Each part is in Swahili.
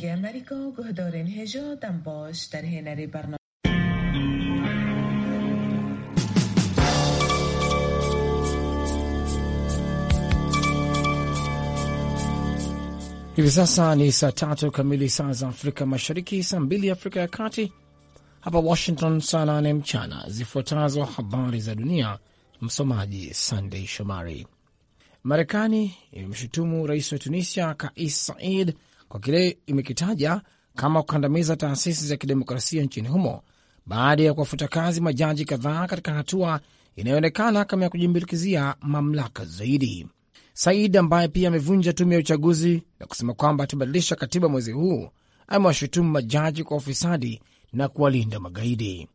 Hivi sasa ni saa tatu kamili saa za Afrika Mashariki, saa mbili Afrika ya Kati, hapa Washington saa nane mchana. Zifuatazo habari za dunia, msomaji Sandei Shomari. Marekani imemshutumu rais wa Tunisia Kais Said kwa kile imekitaja kama kukandamiza taasisi za kidemokrasia nchini humo baada ya kuwafuta kazi majaji kadhaa katika hatua inayoonekana kama ya kujimbilikizia mamlaka zaidi. Said ambaye pia amevunja tume ya uchaguzi na kusema kwamba atabadilisha katiba mwezi huu, amewashutumu majaji kwa ufisadi na kuwalinda magaidi.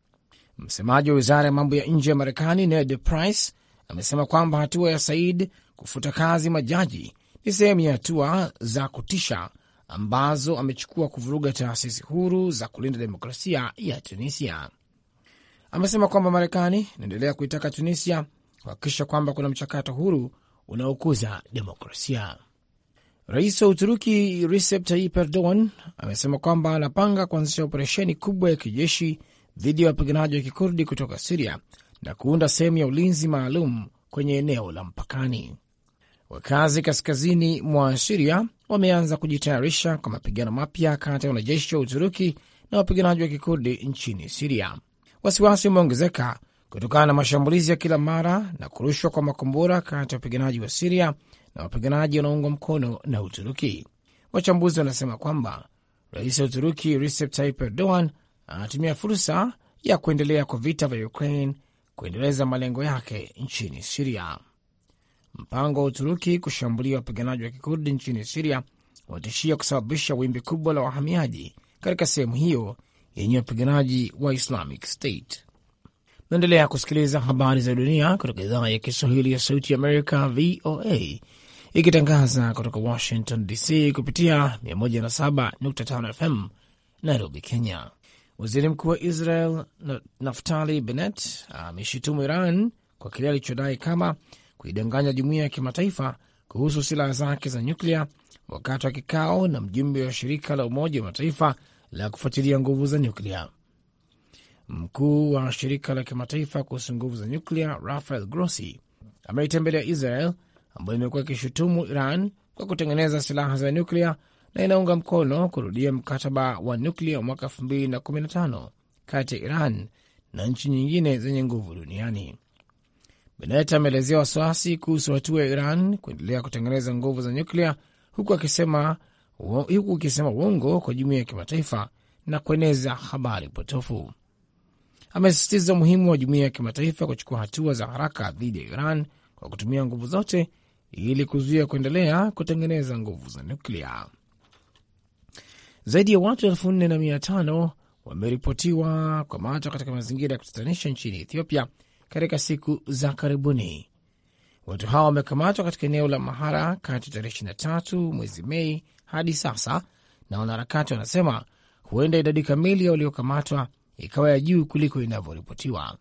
Msemaji wa wizara ya mambo ya nje ya Marekani Ned Price amesema kwamba hatua ya Said kufuta kazi majaji ni sehemu ya hatua za kutisha ambazo amechukua kuvuruga taasisi huru za kulinda demokrasia ya Tunisia. Amesema kwamba Marekani inaendelea kuitaka Tunisia kuhakikisha kwamba kuna mchakato huru unaokuza demokrasia. Rais wa Uturuki Recep Tayyip Erdogan amesema kwamba anapanga kuanzisha operesheni kubwa ya kijeshi dhidi ya wapiganaji wa kikurdi kutoka Siria na kuunda sehemu ya ulinzi maalum kwenye eneo la mpakani. Wakazi kaskazini mwa Siria wameanza kujitayarisha kwa mapigano mapya kati ya wanajeshi wa Uturuki na wapiganaji wa kikurdi nchini Siria. Wasiwasi umeongezeka kutokana na mashambulizi ya kila mara na kurushwa kwa makombora kati ya wapiganaji wa Siria na wapiganaji wanaoungwa mkono na Uturuki. Wachambuzi wanasema kwamba rais wa Uturuki Recep Tayyip Erdogan anatumia fursa ya kuendelea kwa vita vya Ukraine kuendeleza malengo yake nchini Siria mpango wa Uturuki kushambulia wapiganaji wa kikurdi nchini Siria unatishia kusababisha wimbi kubwa la wahamiaji katika sehemu hiyo yenye wapiganaji wa Islamic State. Naendelea kusikiliza habari za dunia kutoka idhaa ya Kiswahili ya Sauti ya Amerika, VOA, ikitangaza kutoka Washington DC kupitia 107.5 FM Nairobi, Kenya. Waziri mkuu wa Israel Naftali Bennett ameshitumu Iran kwa kile alichodai kama kuidanganya jumuiya ya kimataifa kuhusu silaha zake za nyuklia wakati wa kikao na mjumbe wa shirika la Umoja wa Mataifa la kufuatilia nguvu za nyuklia. Mkuu wa shirika la kimataifa kuhusu nguvu za nyuklia Rafael Grossi ameitembelea Israel ambayo imekuwa ikishutumu Iran kwa kutengeneza silaha za nyuklia na inaunga mkono kurudia mkataba wa nyuklia wa mwaka 2015 kati ya Iran na nchi nyingine zenye nguvu duniani. Benet ameelezea wasiwasi kuhusu hatua ya Iran kuendelea kutengeneza nguvu za nyuklia, huku akisema huku ikisema uongo kwa jumuiya ya kimataifa na kueneza habari potofu. Amesisitiza umuhimu wa jumuiya ya kimataifa kuchukua hatua za haraka dhidi ya Iran kwa kutumia nguvu zote ili kuzuia kuendelea kutengeneza nguvu za nyuklia. Zaidi ya watu elfu nne na mia tano wameripotiwa mato katika mazingira ya kutatanisha nchini Ethiopia katika siku za karibuni. Watu hawa wamekamatwa katika eneo la Mahara kati ya tarehe 23 mwezi Mei hadi sasa, na wanaharakati wanasema huenda idadi kamili ya waliokamatwa ikawa ya juu kuliko inavyoripotiwa.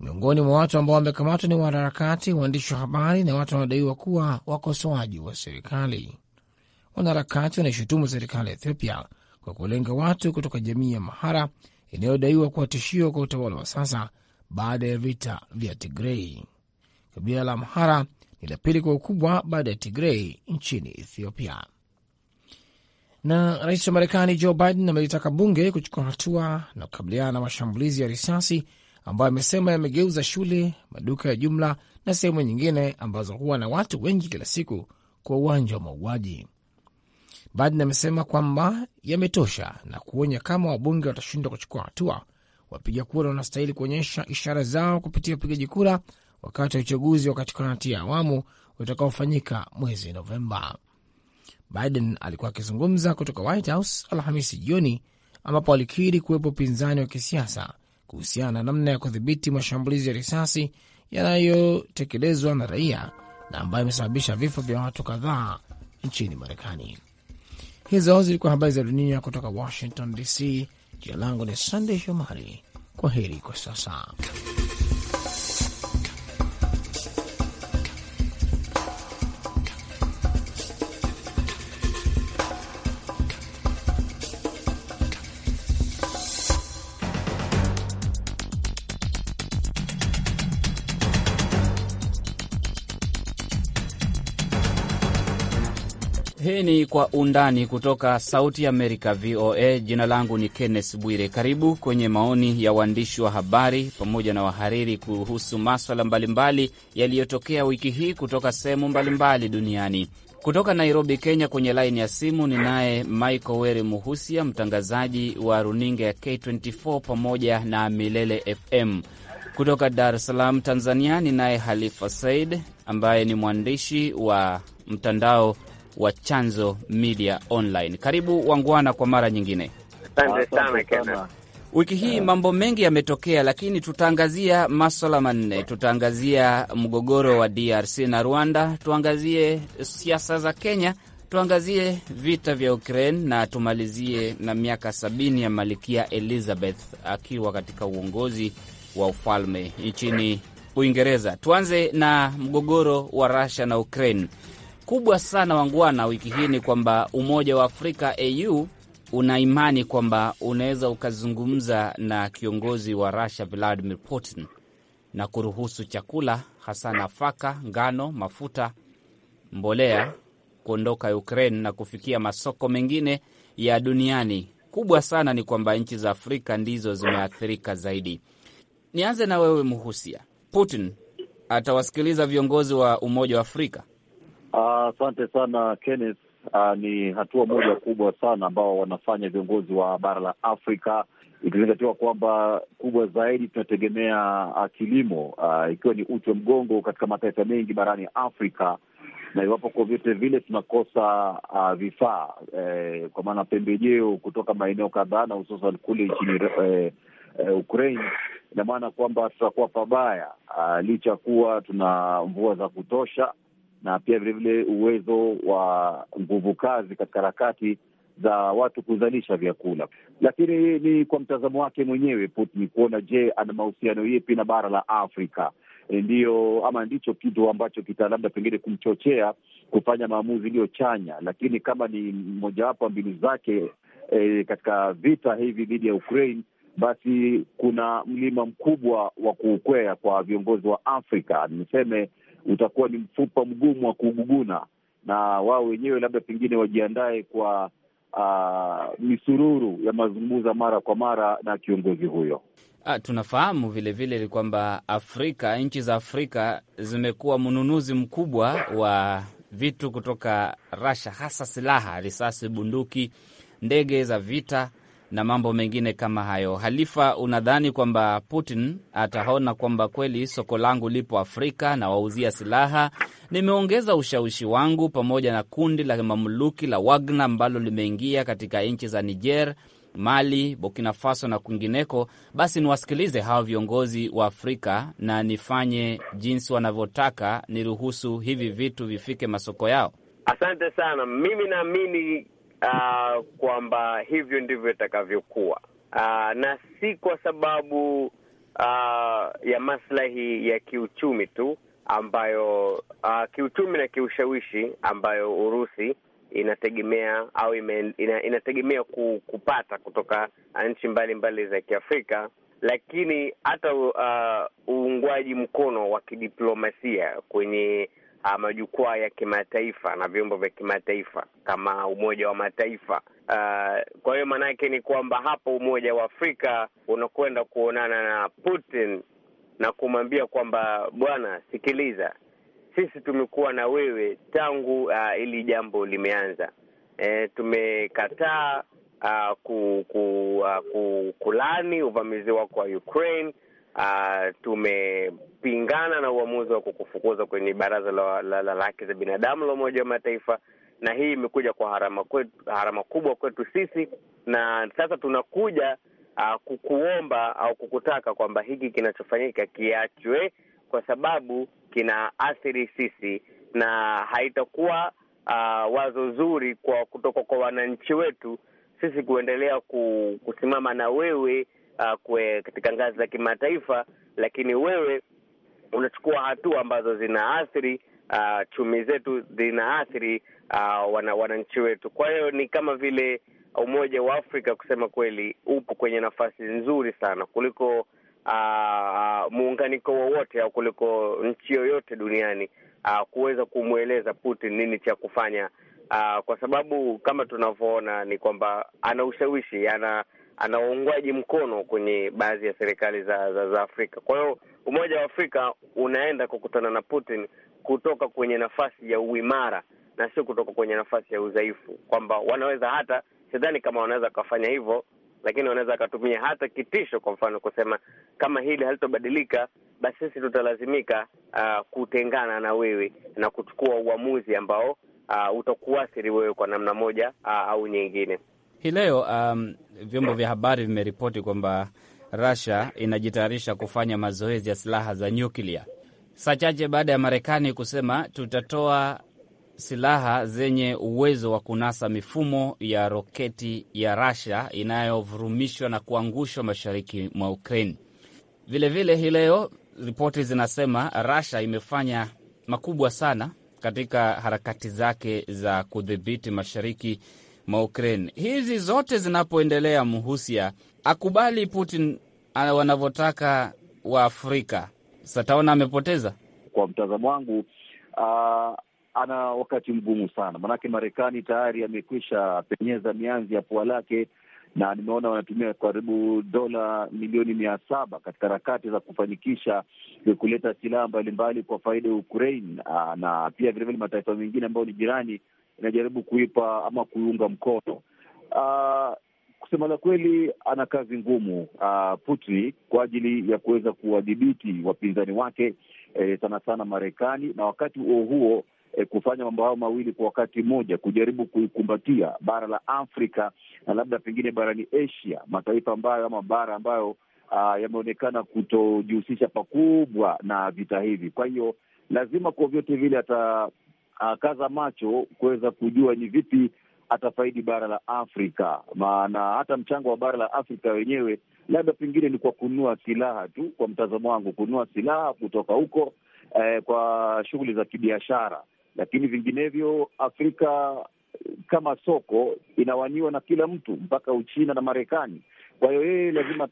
Miongoni mwa watu ambao wamekamatwa ni wanaharakati, waandishi wa habari na watu wanaodaiwa kuwa wakosoaji wa serikali. Wanaharakati wanaishutumu serikali ya Ethiopia kwa kulenga watu kutoka jamii ya Mahara inayodaiwa kuwa tishio kwa utawala wa sasa baada ya vita vya Tigrei. Kabila la Amhara ni la pili kwa ukubwa baada ya Tigrei nchini Ethiopia. Na rais wa Marekani Joe Biden amelitaka bunge kuchukua hatua na kukabiliana na mashambulizi ya risasi ambayo amesema yamegeuza shule, maduka ya jumla na sehemu nyingine ambazo huwa na watu wengi kila siku kwa uwanja wa mauaji. Biden amesema kwamba yametosha na kuonya kama wabunge watashindwa kuchukua hatua wapiga kura wanastahili kuonyesha ishara zao kupitia upigaji kura wakati wa uchaguzi wa katikati ya awamu utakaofanyika mwezi Novemba. Biden alikuwa akizungumza kutoka White House Alhamisi jioni ambapo alikiri kuwepo upinzani wa kisiasa kuhusiana na namna ya kudhibiti mashambulizi ya risasi yanayotekelezwa na raia na ambayo imesababisha vifo vya watu kadhaa nchini Marekani. Hizo zilikuwa habari za dunia kutoka Washington DC. Jina langu ni Sandey Shomari. Kwa heri kwa sasa. ni Kwa Undani kutoka Sauti Amerika, VOA. Jina langu ni Kenneth Bwire. Karibu kwenye maoni ya waandishi wa habari pamoja na wahariri kuhusu maswala mbalimbali yaliyotokea wiki hii kutoka sehemu mbalimbali duniani. Kutoka Nairobi, Kenya, kwenye laini ya simu ninaye Michael Were Muhusia, mtangazaji wa runinga ya K24 pamoja na Milele FM. Kutoka Dar es Salaam, Tanzania, ninaye Halifa Said ambaye ni mwandishi wa mtandao wa Chanzo Media Online. Karibu wangwana kwa mara nyingine. Asante sana Wiki hii eh. mambo mengi yametokea, lakini tutaangazia maswala manne. Tutaangazia mgogoro wa DRC na Rwanda, tuangazie siasa za Kenya, tuangazie vita vya Ukraine na tumalizie na miaka sabini ya malikia Elizabeth akiwa katika uongozi wa ufalme nchini Uingereza. Tuanze na mgogoro wa rusia na Ukraine kubwa sana wangwana wiki hii ni kwamba Umoja wa Afrika au una imani kwamba unaweza ukazungumza na kiongozi wa Russia Vladimir Putin na kuruhusu chakula hasa nafaka, ngano, mafuta, mbolea kuondoka Ukraine na kufikia masoko mengine ya duniani. Kubwa sana ni kwamba nchi za Afrika ndizo zimeathirika zaidi. Nianze na wewe Muhusia, Putin atawasikiliza viongozi wa Umoja wa Afrika? Asante uh, sana Kenneth. Uh, ni hatua moja kubwa sana ambao wanafanya viongozi wa bara la Afrika ikizingatiwa kwamba kubwa zaidi tunategemea ah, kilimo uh, ikiwa ni uti wa mgongo katika mataifa mengi barani Afrika, na iwapo kwa vyote vile tunakosa uh, vifaa eh, kwa maana pembejeo kutoka maeneo kadhaa na hususan kule nchini eh, eh, Ukraine, ina maana kwamba tutakuwa pabaya uh, licha ya kuwa tuna mvua za kutosha na pia vilevile uwezo wa nguvu kazi katika harakati za watu kuzalisha vyakula. Lakini ni kwa mtazamo wake mwenyewe Putin kuona, je, ana mahusiano yepi na bara la Afrika? E, ndiyo ama ndicho kitu ambacho kita labda pengine kumchochea kufanya maamuzi iliyo chanya, lakini kama ni mojawapo mbinu zake e, katika vita hivi dhidi ya Ukraine, basi kuna mlima mkubwa wa kuukwea kwa viongozi wa Afrika, niseme utakuwa ni mfupa mgumu wa kuguguna, na wao wenyewe labda pengine wajiandae kwa uh, misururu ya mazungumzo mara kwa mara na kiongozi huyo. Ah, tunafahamu vilevile vile kwamba Afrika, nchi za Afrika zimekuwa mnunuzi mkubwa wa vitu kutoka Russia, hasa silaha, risasi, bunduki, ndege za vita na mambo mengine kama hayo. Halifa, unadhani kwamba Putin ataona kwamba kweli soko langu lipo Afrika na wauzia silaha, nimeongeza ushawishi wangu pamoja na kundi la mamluki la Wagner ambalo limeingia katika nchi za Niger, Mali, Burkina Faso na kwingineko, basi niwasikilize hawa viongozi wa Afrika na nifanye jinsi wanavyotaka, niruhusu hivi vitu vifike masoko yao? Asante sana. Mimi naamini uh, kwamba hivyo ndivyo itakavyokuwa, uh, na si kwa sababu uh, ya maslahi ya kiuchumi tu ambayo uh, kiuchumi na kiushawishi ambayo Urusi inategemea au ime, ina, inategemea kupata kutoka nchi mbalimbali za Kiafrika, lakini hata uh, uungwaji mkono wa kidiplomasia kwenye uh, majukwaa ya kimataifa na vyombo vya kimataifa kama Umoja wa Mataifa. Uh, kwa hiyo yake ni kwamba hapo Umoja wa Afrika unakwenda kuonana na Putin na kumwambia kwamba bwana, sikiliza, sisi tumekuwa na wewe tangu uh, ili jambo limeanza. E, tumekataa uh, ku, ku, uh, ku, uvamizi wako wa Ukraine Uh, tumepingana na uamuzi wa kukufukuza kwenye Baraza la, la, la, la Haki za Binadamu la Umoja wa Mataifa, na hii imekuja kwa harama, kwetu, harama kubwa kwetu sisi, na sasa tunakuja uh, kukuomba au kukutaka kwamba hiki kinachofanyika kiachwe kwa sababu kina athiri sisi na haitakuwa uh, wazo zuri kwa kutoka kwa wananchi wetu sisi kuendelea kusimama na wewe Uh, kwe katika ngazi za kimataifa, lakini wewe unachukua hatua ambazo zinaathiri uh, chumi zetu, zinaathiri uh, wana, wananchi wetu. Kwa hiyo ni kama vile Umoja wa Afrika kusema kweli upo kwenye nafasi nzuri sana kuliko uh, muunganiko wowote au kuliko nchi yoyote duniani uh, kuweza kumweleza Putin nini cha kufanya uh, kwa sababu kama tunavyoona ni kwamba ana ushawishi, ana ana uungwaji mkono kwenye baadhi ya serikali za, za, za Afrika. Kwa hiyo Umoja wa Afrika unaenda kukutana na Putin kutoka kwenye nafasi ya uimara na sio kutoka kwenye nafasi ya udhaifu, kwamba wanaweza hata, sidhani kama wanaweza wakafanya hivyo, lakini wanaweza wakatumia hata kitisho, kwa mfano kusema kama hili halitobadilika, basi sisi tutalazimika uh, kutengana na wewe na kuchukua uamuzi ambao uh, utakuathiri wewe kwa namna moja uh, au nyingine. Hii leo um, vyombo vya habari vimeripoti kwamba Russia inajitayarisha kufanya mazoezi ya silaha za nyuklia saa chache baada ya Marekani kusema tutatoa silaha zenye uwezo wa kunasa mifumo ya roketi ya Russia inayovurumishwa na kuangushwa mashariki mwa Ukraine. Vilevile hii leo ripoti zinasema Russia imefanya makubwa sana katika harakati zake za kudhibiti mashariki mwa Ukraine. Hizi zote zinapoendelea, Mhusia akubali Putin ah, wanavyotaka wa afrika sataona amepoteza. Kwa mtazamo wangu, uh, ana wakati mgumu sana, maanake Marekani tayari amekwisha penyeza mianzi ya pua lake na nimeona wanatumia karibu dola milioni mia saba katika harakati za kufanikisha kuleta silaha mbalimbali kwa faida ya Ukraine ah, na pia vilevile mataifa mengine ambayo ni jirani inajaribu kuipa ama kuiunga mkono. Uh, kusema la kweli, ana kazi ngumu uh, ah, Putin kwa ajili ya kuweza kuwadhibiti wapinzani wake eh, sana sana Marekani, na wakati huo huo eh, kufanya mambo hayo mawili kwa wakati mmoja, kujaribu kuikumbatia bara la Afrika na labda pengine barani Asia, mataifa ambayo ama bara ambayo uh, yameonekana kutojihusisha pakubwa na vita hivi. Kwa hiyo lazima kwa vyote vile ata akaza macho kuweza kujua ni vipi atafaidi bara la Afrika, maana hata mchango wa bara la Afrika wenyewe labda pengine ni kwa kununua silaha tu, kwa mtazamo wangu, kununua silaha kutoka huko eh, kwa shughuli za kibiashara, lakini vinginevyo Afrika eh, kama soko inawaniwa na kila mtu mpaka Uchina na Marekani. Kwa hiyo yeye lazima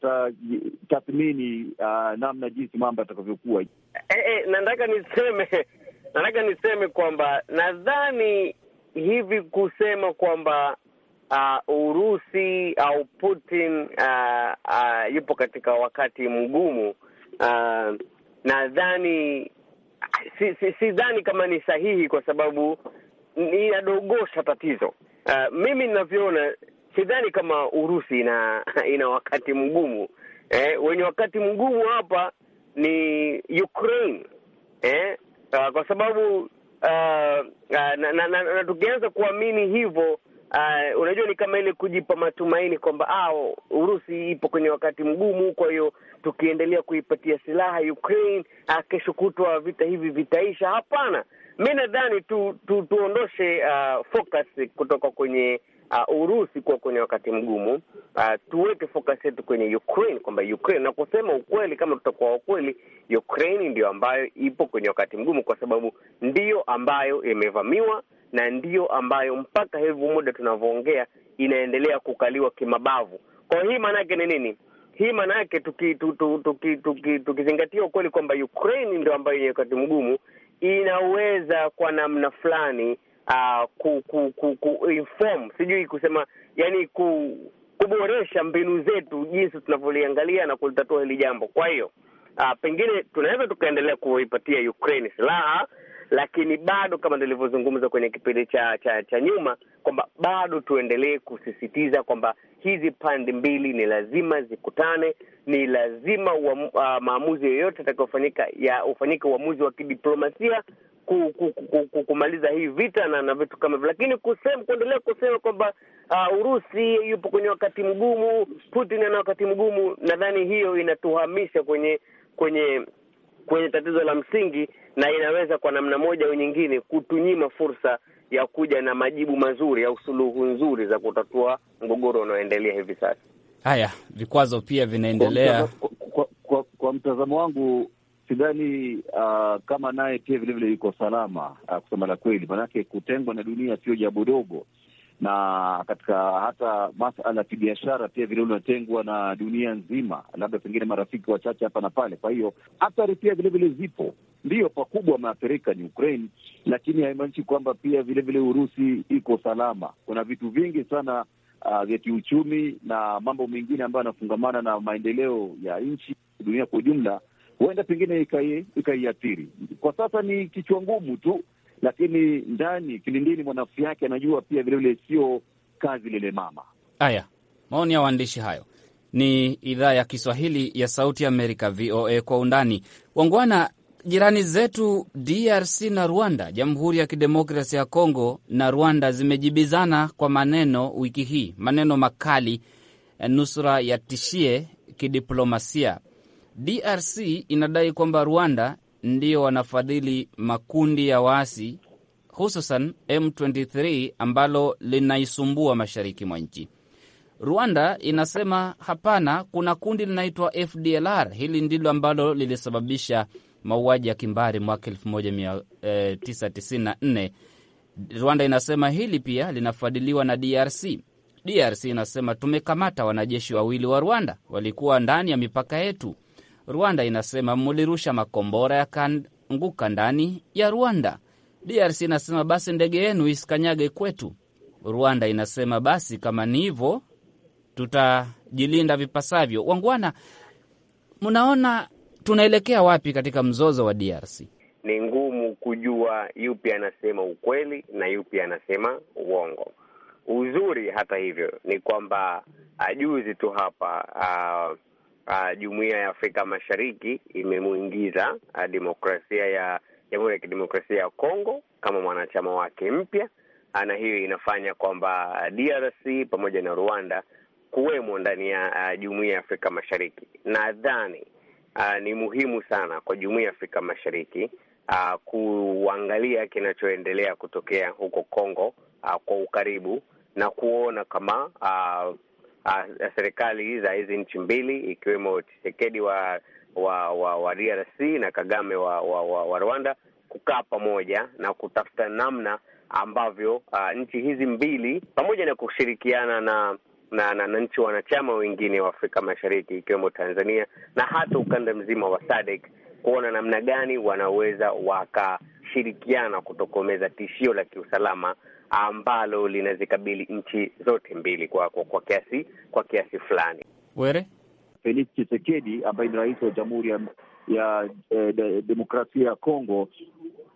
tathmini uh, namna jinsi mambo yatakavyokuwa. E, e, nataka niseme nataka niseme kwamba nadhani hivi kusema kwamba uh, Urusi au Putin uh, uh, yupo katika wakati mgumu uh, nadhani si, si, kama ni sahihi kwa sababu inadogosha tatizo. Uh, mimi ninavyoona sidhani kama Urusi ina ina wakati mgumu eh, wenye wakati mgumu hapa ni Ukraine eh, uh, kwa sababu uh, na, uh, na, na, na, na tukianza kuamini hivyo uh, unajua ni kama ile kujipa matumaini kwamba ah, Urusi ipo kwenye wakati mgumu, kwa hiyo tukiendelea kuipatia silaha Ukraine uh, kesho kutwa vita hivi vitaisha. Hapana, mi nadhani tu, tu, tuondoshe uh, focus kutoka kwenye uh, Urusi kuwa kwenye wakati mgumu. Uh, tuweke focus yetu kwenye Ukraine, kwamba Ukraine na kusema ukweli, kama tutakuwa ukweli, Ukraine ndio ambayo ipo kwenye wakati mgumu, kwa sababu ndiyo ambayo imevamiwa na ndiyo ambayo mpaka hivi muda tunavyoongea inaendelea kukaliwa kimabavu. Kwa hii maana yake ni nini? Hii maana yake tukizingatia ukweli kwamba Ukraine ndio ambayo yenye wakati mgumu, inaweza kwa namna fulani uh, ku, ku, ku, ku inform sijui kusema yani ku, kuboresha mbinu zetu jinsi tunavyoliangalia na kulitatua hili jambo. Kwa hiyo uh, pengine tunaweza tukaendelea kuipatia Ukraine silaha, lakini bado kama nilivyozungumza kwenye kipindi cha, cha, cha nyuma kwamba bado tuendelee kusisitiza kwamba hizi pande mbili ni lazima zikutane, ni lazima uh, maamuzi yoyote atakayofanyika ya ufanyike uamuzi wa kidiplomasia kumaliza hii vita na na vitu kama hivyo, lakini kusema kuendelea kusema kwamba uh, Urusi yupo kwenye wakati mgumu, Putin ana wakati mgumu, nadhani hiyo inatuhamisha kwenye kwenye kwenye tatizo la msingi na inaweza kwa namna moja au nyingine kutunyima fursa ya kuja na majibu mazuri au suluhu nzuri za kutatua mgogoro unaoendelea hivi sasa. Haya vikwazo pia vinaendelea. Kwa, kwa, kwa, kwa mtazamo wangu sidhani uh, kama naye pia vilevile yuko salama uh, kusema la kweli, maanake kutengwa na dunia sio jambo dogo na katika hata masala ya kibiashara pia vile unatengwa na dunia nzima, labda pengine marafiki wachache hapa na pale. Kwa hiyo athari pia vilevile zipo. Ndiyo, pakubwa ameathirika ni Ukraine, lakini haimaanishi kwamba pia vilevile Urusi iko salama. Kuna vitu vingi sana uh, vya kiuchumi na mambo mengine ambayo yanafungamana na maendeleo ya nchi, dunia kwa ujumla, huenda pengine ikaiathiri. Kwa sasa ni kichwa ngumu tu lakini ndani kilindini mwa nafsi yake anajua pia vilevile sio kazi lile mama. Haya maoni ya waandishi hayo. Ni idhaa ya Kiswahili ya Sauti Amerika, VOA. Kwa undani wangwana Jirani zetu DRC na Rwanda, Jamhuri ya Kidemokrasi ya Kongo na Rwanda zimejibizana kwa maneno wiki hii, maneno makali, eh, nusura yatishie kidiplomasia. DRC inadai kwamba Rwanda ndio wanafadhili makundi ya waasi hususan M23 ambalo linaisumbua mashariki mwa nchi. Rwanda inasema hapana, kuna kundi linaitwa FDLR, hili ndilo ambalo lilisababisha mauaji ya kimbari mwaka 1994. Eh, Rwanda inasema hili pia linafadhiliwa na DRC. DRC inasema tumekamata wanajeshi wawili wa Rwanda, walikuwa ndani ya mipaka yetu. Rwanda inasema mulirusha makombora yakaanguka ndani ya Rwanda. DRC inasema basi ndege yenu isikanyage kwetu. Rwanda inasema basi kama ni hivyo, tutajilinda vipasavyo. Wangwana, mnaona tunaelekea wapi katika mzozo wa DRC? Ni ngumu kujua yupi anasema ukweli na yupi anasema uongo. Uzuri hata hivyo ni kwamba ah, juzi tu hapa uh, uh, jumuiya ya Afrika Mashariki imemwingiza uh, demokrasia ya Jamhuri ya Kidemokrasia ya Kongo kama mwanachama wake mpya, ah, na hiyo inafanya kwamba DRC pamoja na Rwanda kuwemo ndani ya uh, jumuiya ya Afrika Mashariki. Nadhani uh, ni muhimu sana kwa jumuiya ya Afrika Mashariki uh, kuangalia kinachoendelea kutokea huko Kongo uh, kwa ukaribu na kuona kama uh, uh, serikali za hizi nchi mbili ikiwemo Tshisekedi wa wa, wa wa DRC na Kagame wa, wa, wa, wa Rwanda kukaa pamoja na kutafuta namna ambavyo uh, nchi hizi mbili pamoja na kushirikiana na na, na, na nchi wanachama wengine wa Afrika Mashariki ikiwemo Tanzania na hata ukanda mzima wa SADC kuona namna gani wanaweza wakashirikiana kutokomeza tishio la kiusalama ambalo linazikabili nchi zote mbili kwa, kwa, kwa kiasi kwa kiasi fulani. Were Felix Chisekedi ambaye ni rais wa Jamhuri ya, ya de, eh, de, Demokrasia ya Kongo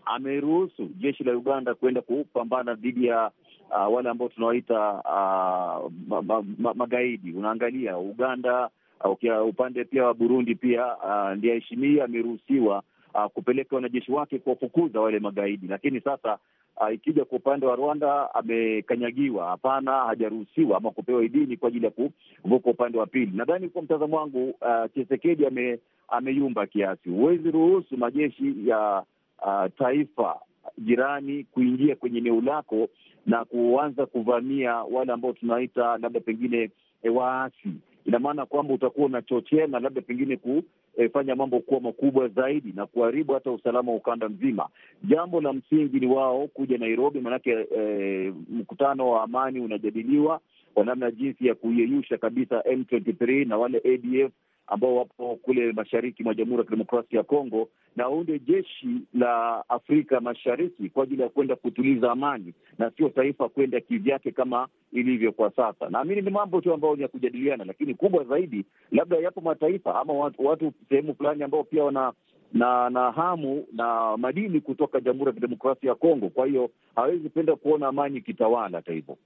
ameruhusu jeshi la Uganda kuenda kupambana dhidi ya uh, wale ambao tunawaita uh, ma, ma, ma, magaidi. Unaangalia Uganda uh, upande pia wa Burundi pia uh, aheshimia ameruhusiwa uh, kupeleka wanajeshi wake kuwafukuza wale magaidi, lakini sasa uh, ikija kwa upande wa Rwanda amekanyagiwa, hapana, hajaruhusiwa ama kupewa idini kwa ajili ya kuvuka upande wa pili. Nadhani kwa mtazamo wangu uh, ah, Chisekedi ame, ameyumba kiasi. Huwezi ruhusu majeshi ya uh, taifa jirani kuingia kwenye eneo lako na kuanza kuvamia wale ambao tunaita labda pengine eh, waasi. Ina maana kwamba utakuwa unachochea na labda pengine ku E, fanya mambo kuwa makubwa zaidi na kuharibu hata usalama wa ukanda mzima. Jambo la msingi ni wao kuja Nairobi, maanake e, mkutano wa amani unajadiliwa kwa namna jinsi ya kuyeyusha kabisa M23 na wale ADF ambao wapo kule mashariki mwa Jamhuri ya Kidemokrasia ya Kongo na waunde jeshi la Afrika Mashariki kwa ajili ya kwenda kutuliza amani na sio taifa kwenda kivyake kama ilivyo kwa sasa. Naamini ni mambo tu ambayo ni ya kujadiliana, lakini kubwa zaidi, labda yapo mataifa ama watu, watu sehemu fulani ambao pia wana na na hamu na madini kutoka Jamhuri ya Kidemokrasia ya Kongo. Kwa hiyo hawezi penda kuona amani ikitawala. Hata hivyo,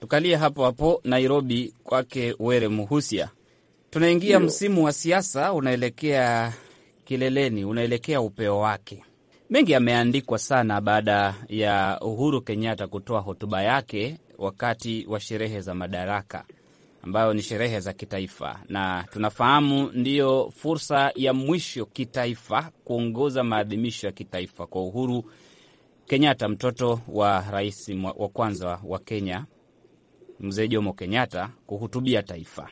tukalie hapo hapo Nairobi kwake Were Muhusia. Tunaingia Yo. msimu wa siasa unaelekea kileleni, unaelekea upeo wake. Mengi yameandikwa sana baada ya Uhuru Kenyatta kutoa hotuba yake wakati wa sherehe za Madaraka, ambayo ni sherehe za kitaifa, na tunafahamu ndiyo fursa ya mwisho kitaifa kuongoza maadhimisho ya kitaifa kwa Uhuru Kenyatta, mtoto wa rais wa kwanza wa Kenya, Mzee Jomo Kenyatta, kuhutubia taifa.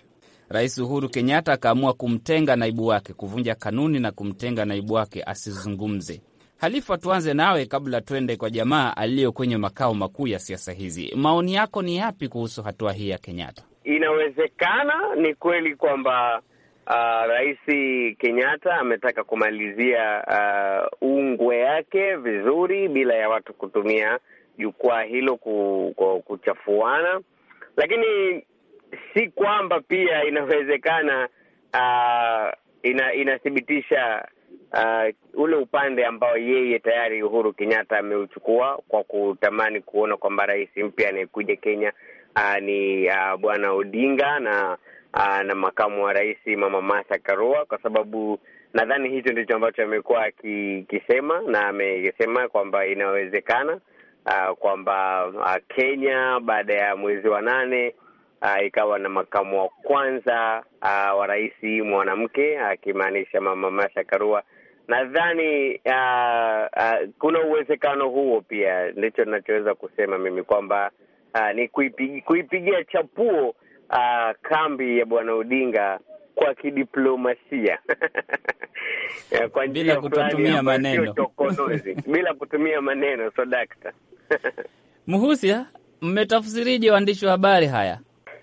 Rais Uhuru Kenyatta akaamua kumtenga naibu wake, kuvunja kanuni na kumtenga naibu wake asizungumze. Halifa, tuanze nawe kabla tuende kwa jamaa aliyo kwenye makao makuu ya siasa hizi. Maoni yako ni yapi kuhusu hatua hii ya Kenyatta? Inawezekana ni kweli kwamba Uh, Rais Kenyatta ametaka kumalizia uh, ungwe yake vizuri bila ya watu kutumia jukwaa hilo kuchafuana, lakini si kwamba pia inawezekana uh, ina, inathibitisha uh, ule upande ambao yeye tayari Uhuru Kenyatta ameuchukua kwa kutamani kuona kwamba rais mpya anayekuja Kenya uh, ni uh, bwana Odinga na uh, na makamu wa rais mama Martha Karua, kwa sababu nadhani hicho ndicho ambacho amekuwa akikisema na amesema kwamba inawezekana uh, kwamba uh, Kenya baada ya mwezi wa nane uh, ikawa na makamu wa kwanza uh, wa rais mwanamke akimaanisha uh, mama Martha Karua. Nadhani uh, uh, kuna uwezekano huo pia, ndicho ninachoweza kusema mimi kwamba uh, ni kuipigia kuipigi chapuo uh, kambi ya bwana Odinga kwa kidiplomasia kwa njia bila kutumia maneno bila kutumia maneno so dakta mmetafsirije waandishi wa habari haya?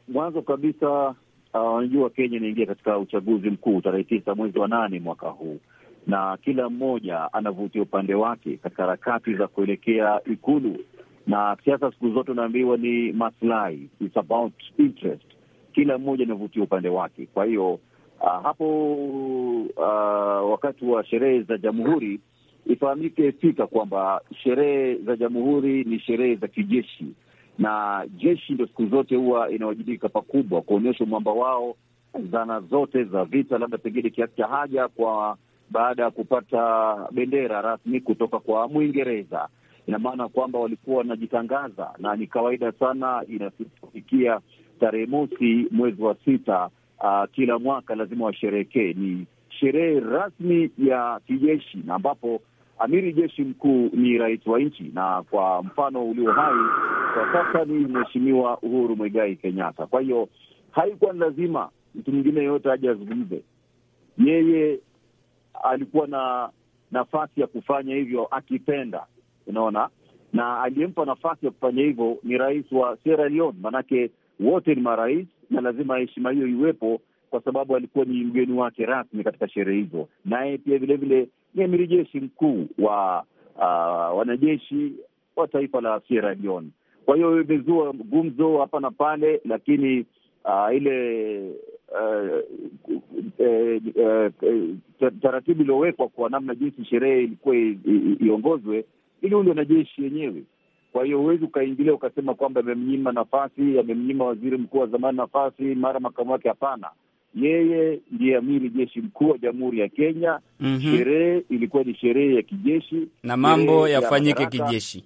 mwanzo kabisa wanajua ah, uh, Kenya inaingia katika uchaguzi mkuu tarehe tisa mwezi wa nane mwaka huu, na kila mmoja anavutia upande wake katika harakati za kuelekea Ikulu. Na siasa siku zote unaambiwa ni maslahi, it's about interest. Kila mmoja anavutia upande wake. Kwa hiyo uh, hapo uh, wakati wa sherehe za Jamhuri ifahamike fika kwamba sherehe za Jamhuri ni sherehe za kijeshi na jeshi ndo siku zote huwa inawajibika pakubwa kuonyesha mwamba wao zana zote za vita, labda pengine kiasi cha haja kwa baada ya kupata bendera rasmi kutoka kwa Mwingereza. Ina maana kwamba walikuwa wanajitangaza, na ni kawaida sana inafikia tarehe mosi mwezi wa sita uh, kila mwaka lazima washerehekee. Ni sherehe rasmi ya kijeshi na ambapo amiri jeshi mkuu ni rais wa nchi, na kwa mfano ulio hai kwa sasa ni Mheshimiwa Uhuru Mwigai Kenyatta. Kwa hiyo haikuwa ni lazima mtu mwingine yeyote aje azungumze, yeye alikuwa na nafasi ya kufanya hivyo akipenda, unaona, na aliyempa nafasi ya kufanya hivyo ni rais wa Sierra Leone, maanake wote ni marais na lazima heshima hiyo iwepo, kwa sababu alikuwa ni mgeni wake rasmi katika sherehe hizo, naye pia vilevile ni amiri jeshi mkuu wa uh, wanajeshi wa taifa la Sierra Leone. Kwa hiyo imezua gumzo hapa na pale, lakini uh, ile uh, uh, taratibu iliyowekwa kwa namna jinsi sherehe ilikuwa iongozwe iliundwa na jeshi yenyewe. Kwa hiyo huwezi ukaingilia ukasema kwamba amemnyima nafasi, amemnyima waziri mkuu wa zamani nafasi, mara makamu wake. Hapana, yeye ndiye amiri jeshi mkuu wa Jamhuri ya Kenya. mm -hmm. Sherehe ilikuwa ni sherehe ya kijeshi na mambo yafanyike ya kijeshi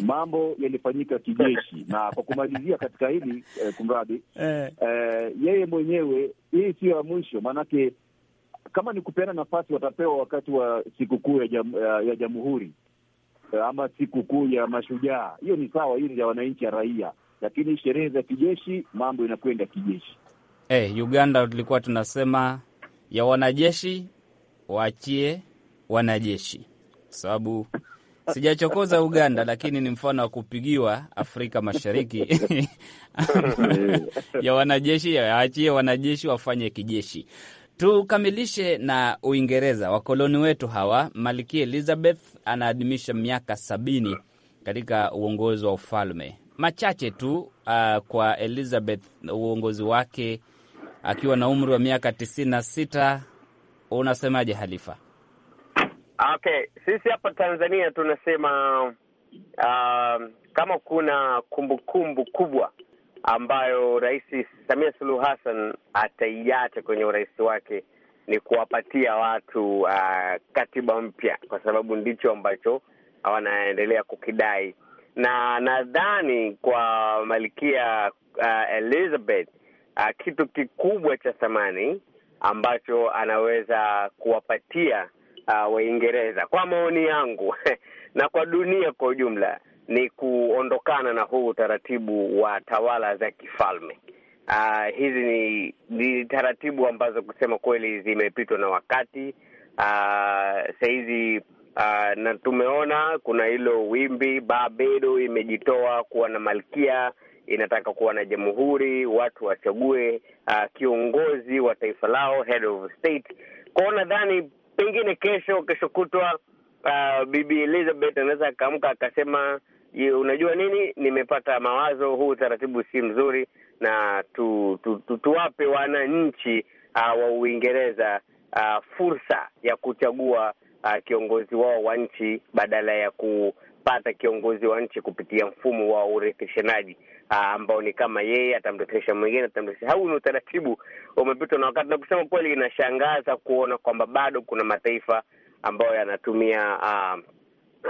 mambo yalifanyika kijeshi. Na kwa kumalizia katika hili eh, kumradi eh. eh, yeye mwenyewe, hii siyo ya mwisho, maanake kama ni kupeana nafasi watapewa wakati wa sikukuu ya, jam, ya jamhuri eh, ama sikukuu ya mashujaa. Hiyo ni sawa, hii ni ya wananchi ya raia, lakini sherehe za kijeshi mambo inakwenda kijeshi. Hey, eh, Uganda tulikuwa tunasema ya wanajeshi waachie wanajeshi, sababu sijachokoza Uganda, lakini ni mfano wa kupigiwa Afrika Mashariki ya wanajeshi waachie wanajeshi wafanye kijeshi. Tukamilishe na Uingereza, wakoloni wetu hawa. Malkia Elizabeth anaadhimisha miaka sabini katika uongozi wa ufalme. Machache tu uh, kwa Elizabeth uongozi wake akiwa na umri wa miaka tisini na sita. Unasemaje Halifa? Okay, sisi hapa Tanzania tunasema uh, kama kuna kumbukumbu kumbu kubwa ambayo Rais Samia Suluhu Hassan ataiacha kwenye urais wake ni kuwapatia watu uh, katiba mpya, kwa sababu ndicho ambacho wanaendelea kukidai, na nadhani kwa Malkia uh, Elizabeth uh, kitu kikubwa cha thamani ambacho anaweza kuwapatia uh, Waingereza kwa maoni yangu na kwa dunia kwa ujumla ni kuondokana na huu utaratibu wa tawala za kifalme. Uh, hizi ni, ni taratibu ambazo kusema kweli zimepitwa na wakati. Uh, sahizi uh, na tumeona kuna hilo wimbi babedo imejitoa kuwa na malkia inataka kuwa na jamhuri, watu wachague uh, kiongozi wa taifa lao, head of state. Kwao nadhani pengine kesho kesho kutwa uh, Bibi Elizabeth anaweza akaamka akasema, unajua nini, nimepata mawazo, huu utaratibu si mzuri, na tu, tu, tu, tuwape wananchi uh, wa Uingereza uh, fursa ya kuchagua uh, kiongozi wao wa nchi badala ya ku kumpata kiongozi wa nchi kupitia mfumo wa urefeshanaji ah, ambao ni kama yeye atamrefesha mwingine atamrefesha. hau ni utaratibu umepitwa na wakati, na kusema kweli, inashangaza kuona kwamba bado kuna mataifa ambayo yanatumia uh,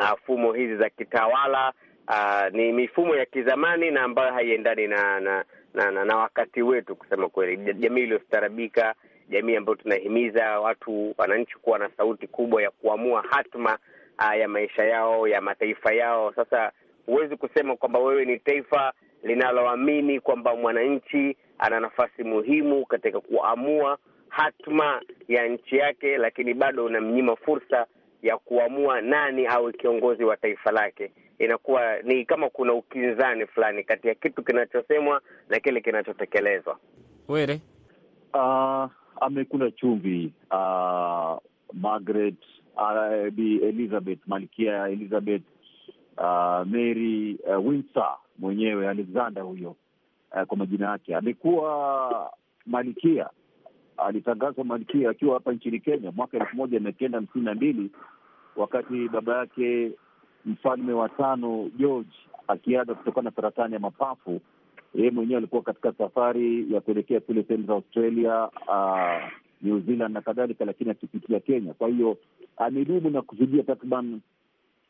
uh, fumo hizi za kitawala uh, ni mifumo ya kizamani na ambayo haiendani na na, na, na na wakati wetu. Kusema kweli, jamii iliyostarabika, jamii ambayo tunahimiza watu wananchi kuwa na sauti kubwa ya kuamua hatma Ah, ya maisha yao ya mataifa yao. Sasa huwezi kusema kwamba wewe ni taifa linaloamini kwamba mwananchi ana nafasi muhimu katika kuamua hatma ya nchi yake, lakini bado unamnyima fursa ya kuamua nani awe kiongozi wa taifa lake. Inakuwa ni kama kuna ukinzani fulani kati ya kitu kinachosemwa na kile kinachotekelezwa. Were uh, amekula chumvi uh, Margaret uh, Bi Elizabeth Malkia Elizabeth uh, Mary uh, Windsor mwenyewe Alexander huyo uh, kwa majina yake amekuwa malkia. Alitangazwa malkia akiwa hapa nchini Kenya mwaka elfu moja mia kenda hamsini na mbili wakati baba yake mfalme wa tano George akiaga kutokana na saratani ya mapafu. Yeye mwenyewe alikuwa katika safari ya kuelekea kule sehemu za Australia, uh, New Zealand na kadhalika, lakini akipitia Kenya. Kwa hiyo amedumu na kuzudia takriban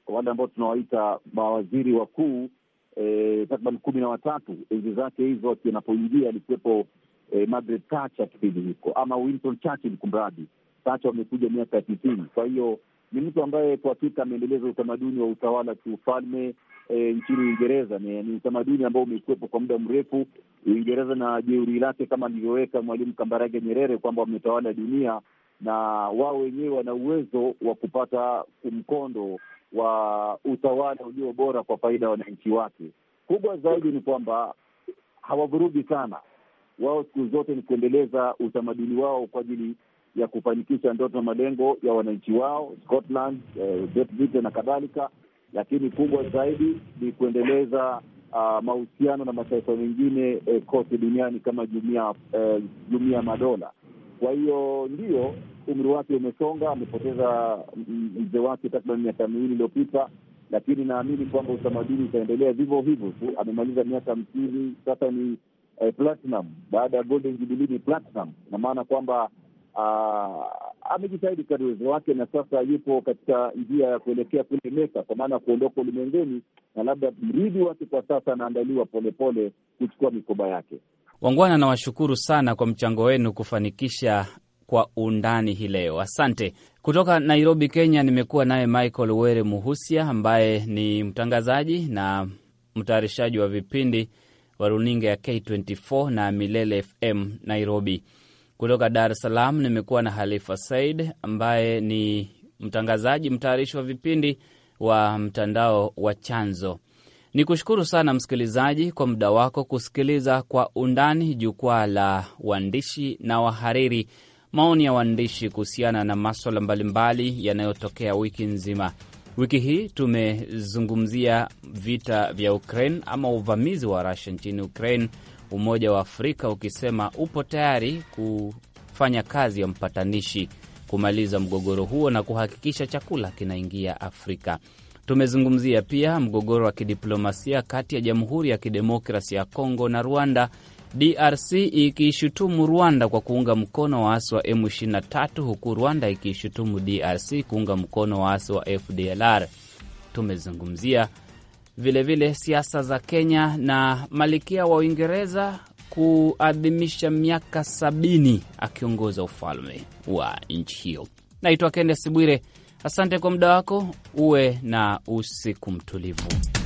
wale ambao tunawaita mawaziri wakuu eh, takriban kumi na watatu enzi zake hizo. Anapoingia alikuwepo eh, Margaret Thatcher kipindi hiko, ama Winston Churchill, kumradi Thatcher wamekuja miaka ya tisini. Kwa hiyo ni mtu ambaye kwa hakika ameendeleza utamaduni wa utawala kiufalme eh, nchini Uingereza. Ni, ni utamaduni ambao umekuwepo kwa muda mrefu Uingereza na jeuri lake kama alivyoweka Mwalimu Kambarage Nyerere kwamba wametawala dunia na wao wenyewe wana uwezo wa kupata mkondo wa utawala ulio bora kwa faida ya wananchi wake. Kubwa zaidi ni kwamba hawavurugi sana wao, siku zote ni kuendeleza utamaduni wao kwa ajili ya kufanikisha ndoto na malengo ya wananchi wao Scotland, eh, na kadhalika lakini kubwa zaidi ni kuendeleza uh, mahusiano na mataifa mengine eh, kote duniani kama jumia eh, jumuiya madola. Kwa hiyo ndio umri wake umesonga, amepoteza mzee wake takriban miaka miwili iliyopita, lakini naamini kwamba utamaduni utaendelea vivyo hivyo tu. Amemaliza miaka hamsini sasa ni eh, platinum, baada ya golden jubilee ni platinum, ina maana kwamba uh, amejitahidi kadri uwezo wake, na sasa yupo katika njia ya kuelekea kule Meka, kwa maana ya kuondoka ulimwenguni, na labda mrithi wake kwa sasa anaandaliwa polepole kuchukua mikoba yake. Wangwana, nawashukuru sana kwa mchango wenu kufanikisha kwa undani hii leo. Asante. Kutoka Nairobi, Kenya, nimekuwa naye Michael Were Muhusia ambaye ni mtangazaji na mtayarishaji wa vipindi wa runinga ya K24 na Milele FM Nairobi. Kutoka Dar es Salaam nimekuwa na Halifa Said ambaye ni mtangazaji, mtayarishi wa vipindi wa mtandao wa Chanzo. Ni kushukuru sana msikilizaji kwa muda wako kusikiliza Kwa Undani, jukwaa la waandishi na wahariri, maoni ya waandishi kuhusiana na maswala mbalimbali yanayotokea wiki nzima. Wiki hii tumezungumzia vita vya Ukraine ama uvamizi wa rasha nchini Ukraine Umoja wa Afrika ukisema upo tayari kufanya kazi ya mpatanishi kumaliza mgogoro huo na kuhakikisha chakula kinaingia Afrika. Tumezungumzia pia mgogoro wa kidiplomasia kati ya Jamhuri ya Kidemokrasi ya Kongo na Rwanda, DRC ikiishutumu Rwanda kwa kuunga mkono waasi wa M23 huku Rwanda ikiishutumu DRC kuunga mkono waasi wa FDLR. Tumezungumzia vilevile siasa za Kenya na malikia wa Uingereza kuadhimisha miaka sabini akiongoza ufalme wa nchi hiyo. Naitwa Kennes Bwire, asante kwa muda wako, uwe na usiku mtulivu.